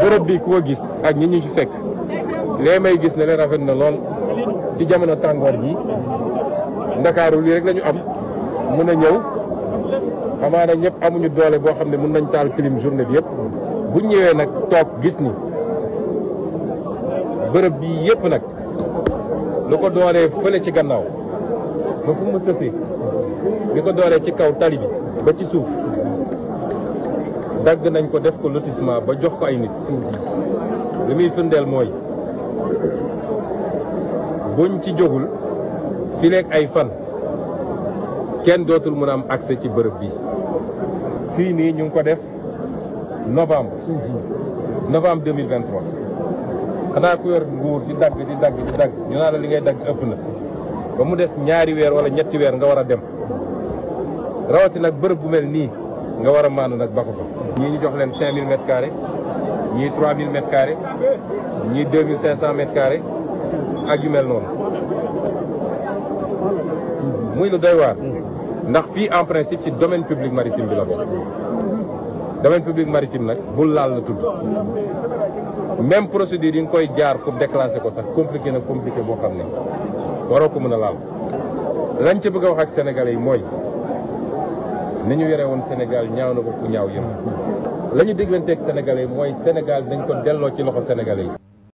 bërëb bi ku ko gis ak ñi ñu ci fekk lee may gis ne leen rafet na lool ci jamono tàngoor bi ndakaaru lii rek lañu am mun a ñëw xamaana ñëpp amuñu doole boo xam ne mun nañ taal tilim journée bi yëpp bu ñëwee nag toog gis ni bërëb bi yépp nag lu ko doolee fële ci gannaaw ba fu mu sësi li ko doolee ci kaw tali bi ba ci suuf dagg nañ ko def ko lotissement ba jox ko ay nit li muy firndeel mooy buñ ci jógul fi leeg ay fan kenn dootul mun a am accès ci bërëb bi fii nii ñu ngi ko def novembre novembre 2023 xanaa ku yor nguur di dagg di dagg di ñu naa la li ngay dagg ëpp na ba mu des ñaari weer wala ñetti weer nga war a dem rawati nag bërëb bu mel nii nga war a maanu nag ba ko fa ñii ñu jox leen cinq mille mètres carrés ñii trois mille mètres carrés ñii deux mille cinq cent mètres carrés ak yu mel noonu muy lu doy waar ndax fii en principe ci domaine public maritime bi la bokk domaine public maritime nag bul laal la tudd même procédure yi nga koy jaar pour déclasser ko sax compliqué na compliqué boo xam ne waroo ko mën a laal lañ ca bëgg a wax ak sénégalais yi mooy ni ñu yore woon Sénégal ñaaw na ko ku ñaaw yëpp la ñu digganteeg Sénégalais mooy Sénégal dañ ko delloo ci loxo Sénégalais yi.